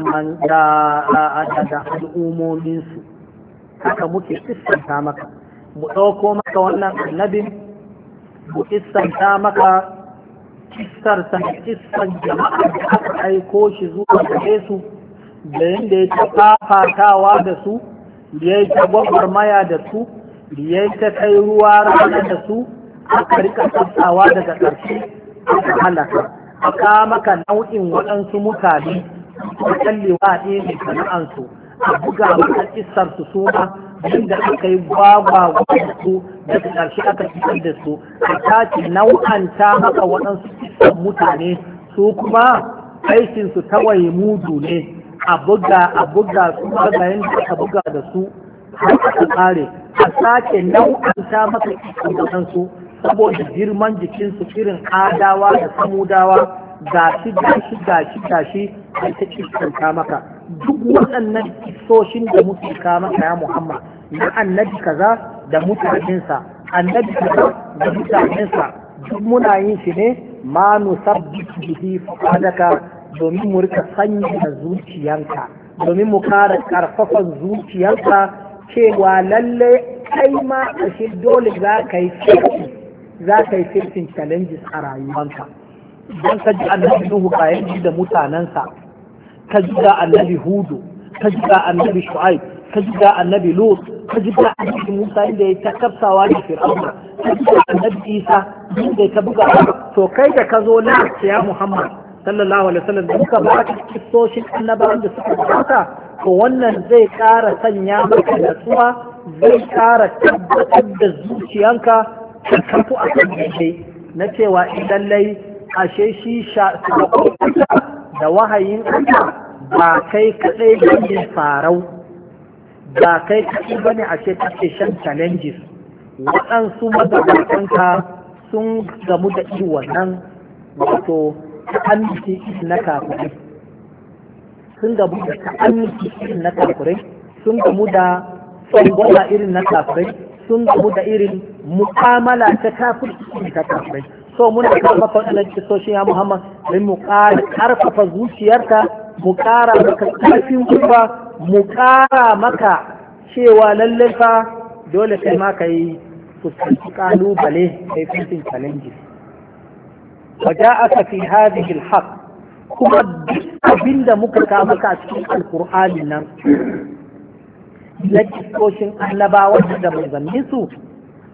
al'ummominsu haka muke kisanta maka mu ɗauko maka wannan annabin mu kisanta maka kisar ta kisan jama'a da aka aiko shi zuwa gare su da yadda ya ta fafatawa da su ya yi ta gwagwarmaya da su ya yi ta kai ruwa rana da su aka rika tsawa daga ƙarshe Allah a aka maka nau'in waɗansu mutane kuma kallewa ɗaya mai sana'ansu a buga maka isar su suna inda aka yi gwagwa su da ƙarshe aka fitar da su a tace nau'anta maka waɗansu isar mutane su kuma aikinsu tawaye mudu ne a buga a buga su bugayen da aka buga da su har aka tsare a sake nau'anta maka isar waɗansu saboda girman jikinsu irin adawa da samudawa gashi gashi gashi gashi a ta kiskanta maka duk waɗannan kisoshin da muke maka ya muhammad na annabi kaza da mutanensa annabi kaza da mutanensa duk muna yin shi ne ma nusabbitu bihi fadaka domin mu rika sanya zuciyanka domin mu kara karfafan zuciyanka cewa lalle kai ma ashe dole za ka yi za ka yi facing challenges a rayuwanka don ka ji annabi Nuhu kayan da mutanensa ka ji ga annabi Hudu ka ji ga annabi Shu'aib ka ji ga annabi Lut ka ji ga annabi Musa inda ya takkafsawa da Fir'auna ka ji ga annabi Isa inda ya buga to kai da ka zo na ya Muhammad sallallahu alaihi wasallam da muka ba ka kisoshin annabawan da suka gabata to wannan zai kara sanya maka natsuwa zai kara tabbatar da zuciyanka tattaku a kan yake na cewa idan lai ashe shi da wahayin ba kai kaɗai ne farau ba kai kaɗai ne ashe kake shan challenges waɗansu magabatanka sun gamu da iri wannan wato ta'amiti na kafirai sun gamu da ta'amiti na kafirai sun gamu da tsangwama irin na kafirai sun gamu da irin mu'amala ta kafirci ta kafirai so muna karfafa waɗannan kisoshin ya muhammad mai mu karfafa zuciyarka mu ƙara maka ƙarfin gwiwa mu ƙara maka cewa lallai fa dole kai ma ka yi fuskanci ƙalubale kai fitin challenges وجاءك في هذه haq kuma abinda muka kawo maka a cikin alkur'ani nan na kiskoshin annabawa da manzannin su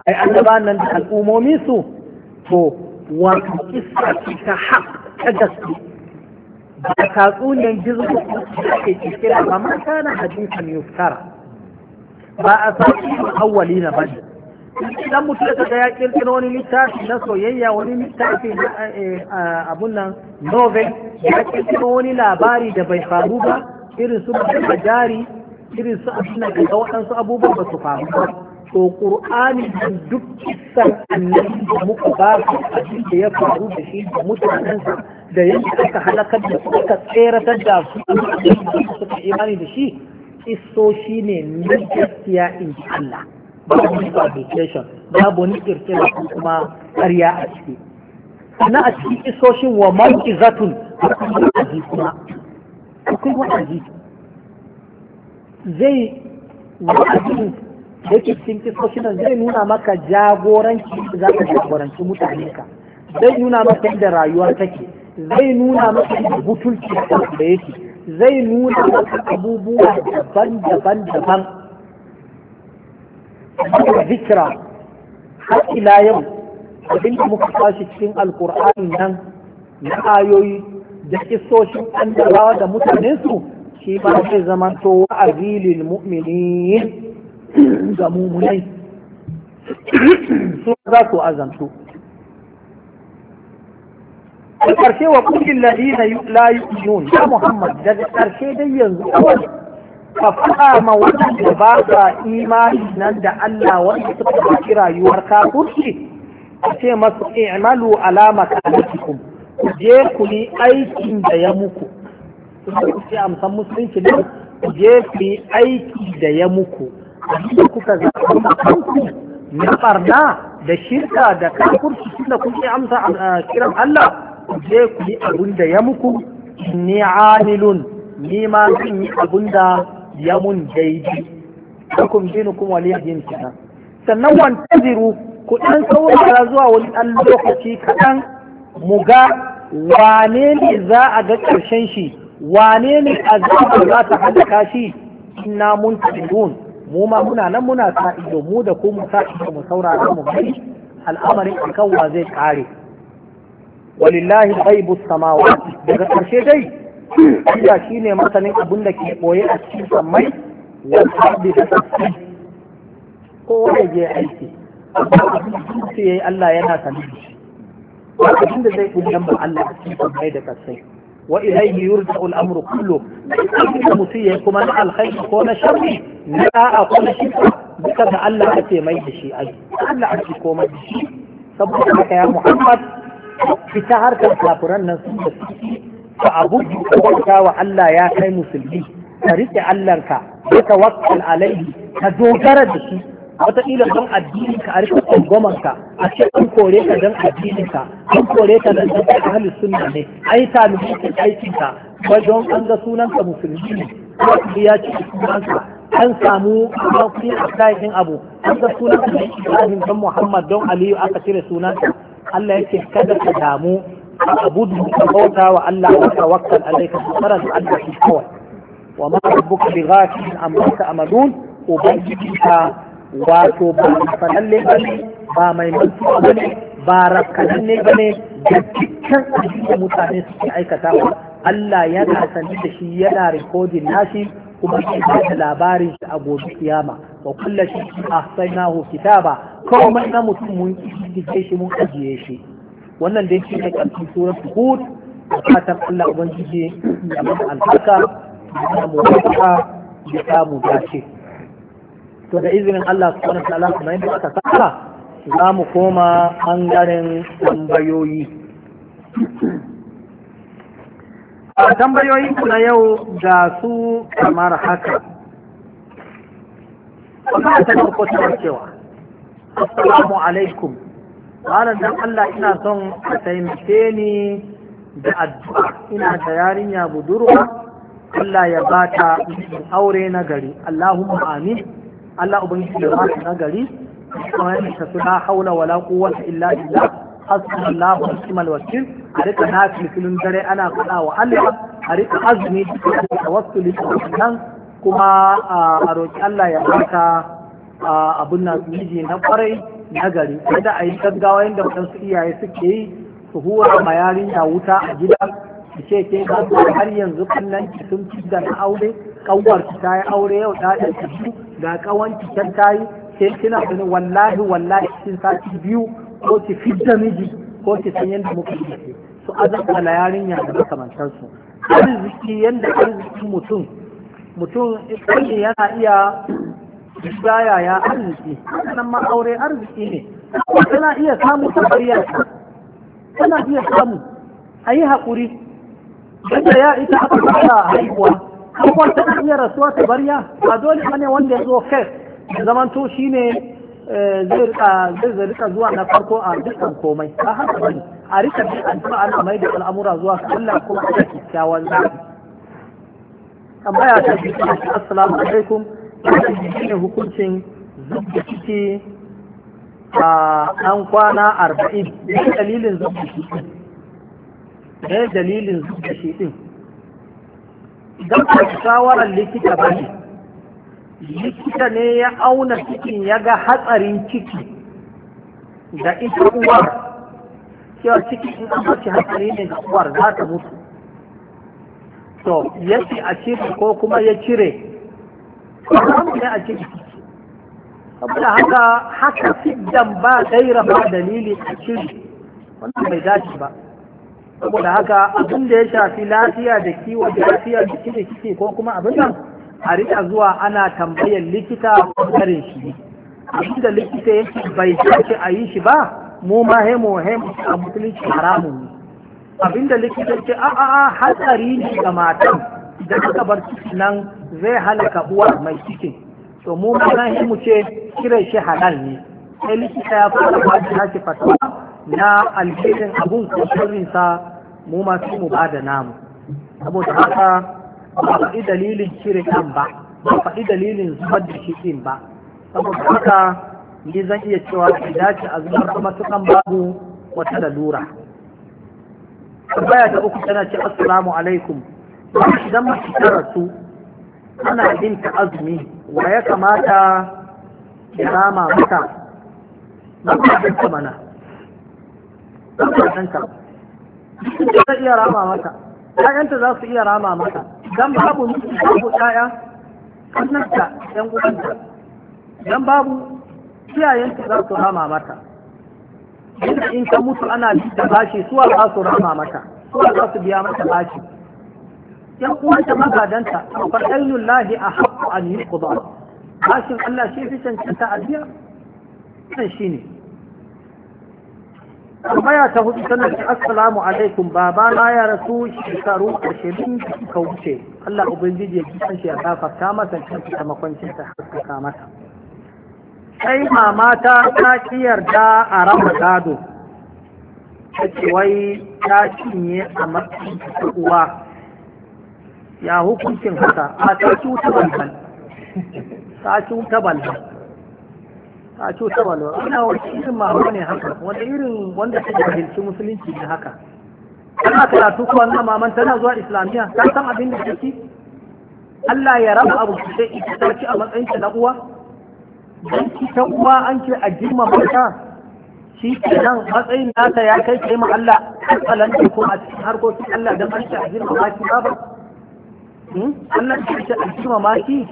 ai annaba nan da al'ummomin su to wato ki ta haq ta gaske ka tatsuniyan jirgin da ake kirkira ba ma kana hadisan yuftara ba a sami awwali na bane idan mutum da ya kirkiro wani littafi na soyayya wani littafi na eh, eh, abun nan novel ya kirkiro wani labari da bai faru ba irin su jari irin su abin da ga waɗansu abubuwan ba su faru ba to qur'ani da duk kisan annabi da muka ba su abin da ya faru da shi da mutanensa da yadda aka halakar da su aka tseratar da su suka imani da shi kisoshi ne na gaskiya in ji Allah babu wani fabrication babu wani kirkira kuma karya a ciki na a cikin isoshin wa mawkizatun akwai wa'azi kuma akwai wa'azi zai wa'azin da ke cikin nan zai nuna maka jagoranci za ka jagoranci mutane ka zai nuna maka yadda rayuwa take zai nuna maka yadda butulci da yake zai nuna maka abubuwa daban-daban daban zikira har ila yau abin da muka tashi cikin alkur'ani nan na ayoyi da kisoshin annabawa da mutanensu shi ba zai zama to a zilin mu'mini ga mummunai. su za su azantu a ƙarshe wa kullin na layu yun ya Muhammad daga ƙarshe dai yanzu kawai ka faɗa ma waɗanda ba ka imani nan da Allah wanda suka ɗauki rayuwar kafurci a ce masu i'malu alama makanatikum ku je ku yi aikin da ya muku kuna da kuke amsan musulunci ne ku je ku yi aiki da ya muku abinda kuka zaɓi a kanku na barna da shirka da kafurci tunda kuke amsa a kiran Allah ku je ku yi abin da ya muku ni amilun ni ma zan yi abin da ya mun daidai hukum dinukum waliya dinkina sannan wantaziru ku ɗan saurara zuwa wani ɗan lokaci kaɗan mu ga wane ne za a ga karshen shi wane ne zafin za ta halaka shi inna muntabirun mu ma muna nan muna sa ido mu da ku mu sa ido mu saurara mu gani al'amarin akan wa zai kare walillahi ghaibus samawa daga karshe dai Allah ne masanin abin da ke boye a cikin sammai wal ardi da sassai kowa ya aiki sai Allah yana sanin shi abin da zai kunnan ba Allah a cikin sammai da sassai wa ilayhi yurja'u al kullu da mutum ya kuma na alkhairi ko na sharri na da'a ko na shirka duka da Allah ake mai da shi ai Allah ake da shi saboda haka ya Muhammad fita harkar kafiran nan sun da fa abu ka wa Allah ya kai musulmi ka rike Allahnka ka tawakkal alaihi ka dogara da shi wataƙila don addini ka a rika ka a ce an kore ka don addini ka an kore ka don ahalin sunna ne ai talibi ka aikin ka an ga sunan ka musulmi ne ya ci sunan ka an samu kuɗi a kayan abu an ga sunan ka Ibrahim don Muhammad don Aliyu aka cire sunan ka Allah yake kada ka damu abudu ka bauta wa Allah wa tawakkal alayka faranta Allah shi kawai wa ma rabbuka amma ubangijinka wato ba falalle ba ne ba mai mutuwa ba ne ba rakkananne ba ne da cikin abin da mutane suke aikatawa Allah yana sani da shi yana rikodin nashi kuma shi da labarin shi a gobe kiyama wa kulla shi ahsaynahu kitaba komai na mutum mun kike shi mun ajiye shi wannan da yake da kafin surat hud fatan Allah ubangiji ya mana albarka ya mu da ya mu dace to da izinin Allah subhanahu wa ta'ala kuma yadda za mu koma bangaren tambayoyi a tambayoyi na yau ga su kamar haka kuma ta farko ta cewa assalamu alaikum malam dan Allah ina son a taimake ni da addu'a ina da yarinya budurwa Allah ya bata aure na gari Allahumma amin Allah ubangiji ya ba nagari kuma ya ta suna haula wala quwwata illa billah hasbunallahu wa ni'mal wakil a rika nafilin dare ana faɗa wa Allah a rika azumi da tawassuli nan kuma a roki Allah ya baka abun nan miji na kwarai na gari kada a yi gaggawa yadda su iyaye suke yi su hura ma yarinya wuta a gida Ki ce ke har yanzu kallon ki sun ci na aure Kawar ki ta yi aure yau ta ɗan ga kawanci can tayi sai kina da wallahi wallahi cikin sati biyu ko ki fidda miji ko ki san yadda muka yi ke su azaba la yarinya da makamantar su arziki yadda arziki mutum mutum wani yana iya baya ya arziki sannan ma aure arziki ne Suna iya samu tabariyar suna iya samu a yi haƙuri yadda ya ita aka fara haihuwa abubuwan ta iya rasuwa ta bariya ba dole ne wanda ya zo kai zaman to shi ne eh, zai rika zuwa na farko a dukkan komai a haka bane a rika bi an tuma ana mai da al'amura zuwa Allah kuma ana kyakkyawan zafi tambaya ta bi assalamu alaikum ne hukuncin zuwa ciki a an kwana arba'in ne dalilin zuwa ciki ne dalilin zuwa ciki din don ba shawarar likita ba ne likita ne ya auna cikin ya ga hatsarin ciki da ita uwar cewa ciki in an bace hatsari ne ga uwar za ta mutu to ya ce a ciki ko kuma ya cire mu ne a ciki saboda haka haka fiddan ba gaira ba dalili a cire wannan bai dace ba saboda haka abin da ya shafi lafiya da kiwo da lafiya da kike ko kuma abin nan a rika zuwa ana tambayar likita karin shi abin da likita yake bai shafi a yi shi ba mu ma mu hemo a musulunci haramun ne abin da likita ce a a a hatsari ne ga matan da suka bar ciki nan zai halaka uwa mai ciki, to mu ma mu ce kiran shi halal ne sai likita ya fara ba shi fatawa na alherin abun kusurin sa mu ma mu ba da namu saboda haka ba faɗi dalilin cire kan ba ba faɗi dalilin zubar da shi ba saboda haka ni zan iya cewa ki dace a zubar da matukan babu wata lalura tambaya ta uku tana ce assalamu alaikum idan mace ta rasu ana yin ta azumi wa ya kamata ya rama mata na kuma mana ɗanka ta iya rama maka ƴaƴanta za su iya rama maka dan babu miji babu ƴaƴa kannanta ƴan uwanta dan babu iyayenta za su rama mata inda in ka mutu ana bi da bashi suwa za su rama mata suwa za su biya mata bashi ƴan uwanta magadanta fa ayyullahi ahaqqu an yuqda bashin Allah shi fi cancanta a biya shi ne ya ta hudu sanar da assalamu alaikum baba na ya rasu shekaru karshe, da suka wuce Allah ubangiji ya kisan shi ya gafarta masa cikin ta makwancin ta haskaka mata. sai mama ta ta ki yarda a rama gado ta ce wai ta cinye a matsayin uwa ya hukuncin haka a ta cuta balbal ta cuta balbal a cuta ba lura ina wani irin mawa ne haka wanda irin wanda ta jahilci musulunci ne haka ana karatu kuma na maman tana zuwa islamiyya ta san abin da ci? Allah ya raba abu sai ita sarki a matsayin ta na uwa dan ta uwa an ce a jimma mata shi ke nan matsayin nata ya kai kai ma Allah tsalanta ko a cikin harkokin Allah dan an ce a jimma maki ba? Hmm? Allah ya ce a jimma maki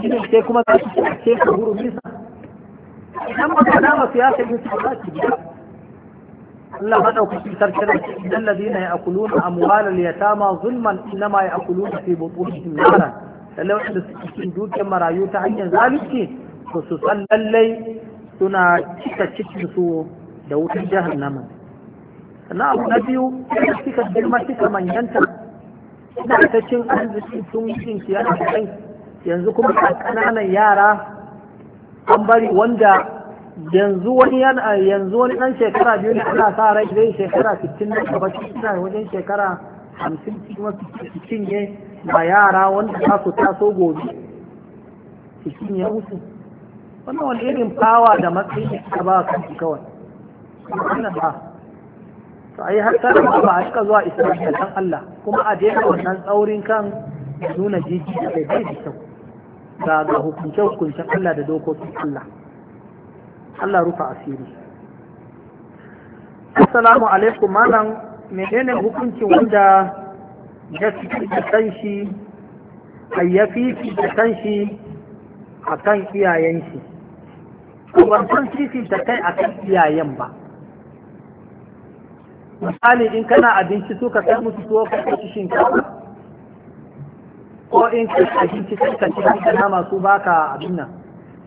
shi ne sai kuma za su ce a ce ka huru bisa idan ba ka dama siyasa yin su za ki biya Allah madaukakin sarki da shi idan ladina ya'kuluna amwalal yatama zulman inma ya'kuluna fi butunihim naran lalle da suke cikin dukiyar marayu ta hanyar zalunci to su san lallai suna cika cikin su da wutar jahannama sannan abu na biyu suka girma suka manyanta suna ta cin arziki tun yin kiyar da kai yanzu kuma ƙananan yara an bari wanda yanzu wani yana yanzu wani dan shekara biyu ne ana sa rai zai shekara 60 na gaba ina wajen shekara 50 kuma 60 ne ba yara wanda za su taso gobe 60 ya mutu wannan wani irin fawa da matsayi da ka ba kanki kawai wannan ba to ai har sai ba a cika zuwa Isra'ila dan Allah kuma a daina wannan tsaurin kan nuna jiki da bai da kyau ga ga hukunce hukuncen Allah da dokokin Allah Allah rufa asiri assalamu alaikum malam menene hukuncin wanda ya fi da kanshi ayyafi fi da kanshi a iyayen shi ban san fifi da kai kan iyayen ba misali in kana abinci so ka kai musu tuwo ka kai shinkafa ko in ka abinci kai ka ci ka nama su ka abin nan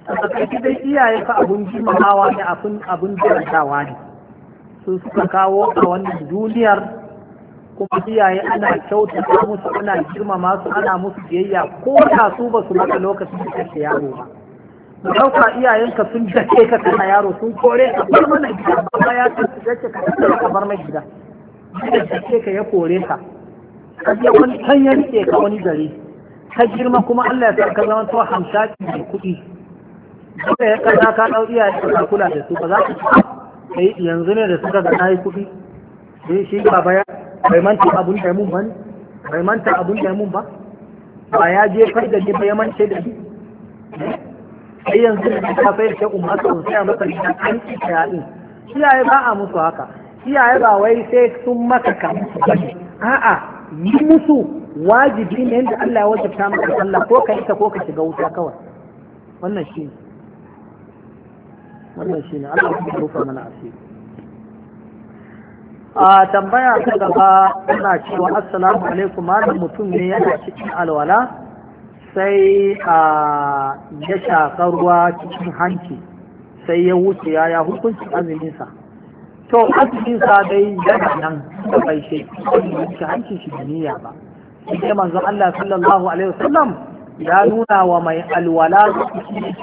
a kai dai iyaye abin abun jimawa ne abun abun jirantawa ne su suka kawo a wannan duniyar kuma iyaye ana kyautata musu ana girmama su ana musu biyayya ko da su ba su maka lokacin da kake yaro ba mu dauka iyayenka sun dake ka kana yaro sun kore ka bar mana gida ba ya san su dake ka kana ka bar mana gida da dake ka ya kore ka kaje wani kan ke ka wani gari Ta girma kuma Allah ya sa ka zama to hamshakin da kuɗi dole ya kaza ka dau iyaye ka kula da su ba za ka kai yanzu ne da suka ga nayi kuɗi sai shi ba ya bai manta abun da mun ba ne bai manta abun da mun ba ba ya je kai da ni ba ya manta da ni sai yanzu da ka fayar ke umma ka sai a masa gidan an ci yayin iyaye ba a musu haka iyaye ba wai sai sun maka a a'a yi musu wajibi ne yadda Allah ya wajabta maka sallah ko ka ita ko ka shiga wuta kawai wannan shi ne wannan shi ne Allah ya rufa mana asiri a tambaya ta gaba ina cewa assalamu alaikum malam mutum ne yana cikin alwala sai a ya shaƙa ruwa cikin hanci sai ya wuce ya hukunci azuminsa to azuminsa dai yana nan da bai shi hanci shi duniya ba sai manzon Allah sallallahu alaihi wasallam ya nuna wa mai alwala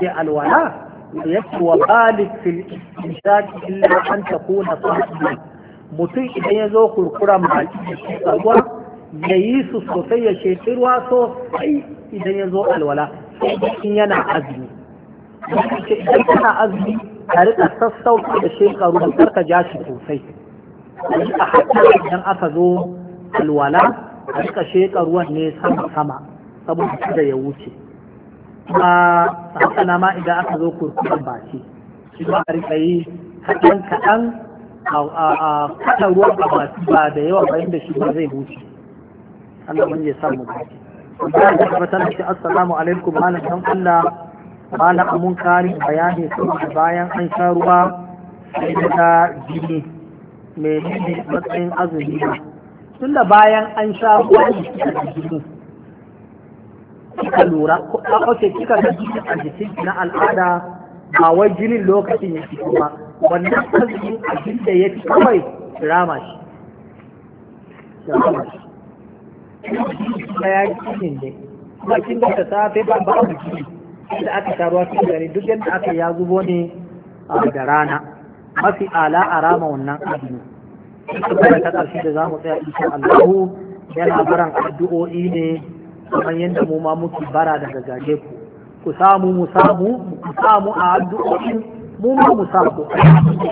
ke alwala yake wa balik fil istishaq illa an takuna sahibi mutum idan ya zo kurkura baki sabuwa ya yi su sosai ya ce tsirwa sosai idan ya zo alwala in yana azumi idan yana azumi ka rika sassauta da shekaru da karka ja shi sosai a hatta idan aka zo alwala a rika sheƙa ruwan ne sama-sama saboda da ya wuce kuma haka na ma idan aka zo kurkuren baki shi ba a rika yi kaɗan-kaɗan a kaɗa ruwan a baki ba da yawa bayan da shi ba zai wuce Allah mun ya samu baki Allah ya tabbatar da shi assalamu alaikum malam dan Allah malam mun kari bayani saboda bayan an sha ruwa sai da jini menene matsayin azumi ba tunda bayan an sha wani kika ga kika lura ko ok kika ga jikin a jikin na al'ada ba wai jinin lokacin ya fito ba wannan azumin abin da ya fi kawai rama shi ya yi cikin ne kuma kin da safe ba ba mu jini inda aka sha ruwa cikin gari duk yadda aka ya zubo ne da rana mafi ala a rama wannan azumin kuma ta ƙarshe da za mu tsaya insha Allah yana baran addu'o'i ne kamar yadda mu ma muke bara daga gare ku ku samu mu samu ku samu a addu'o'i, mu ma mu samu ku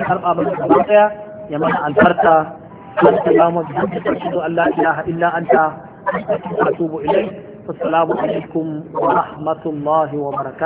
karɓa mana gaba ɗaya ya mana albarka assalamu alaikum Allah ilaha illa anta atubu ilaik assalamu alaikum wa rahmatullahi wa barakatuh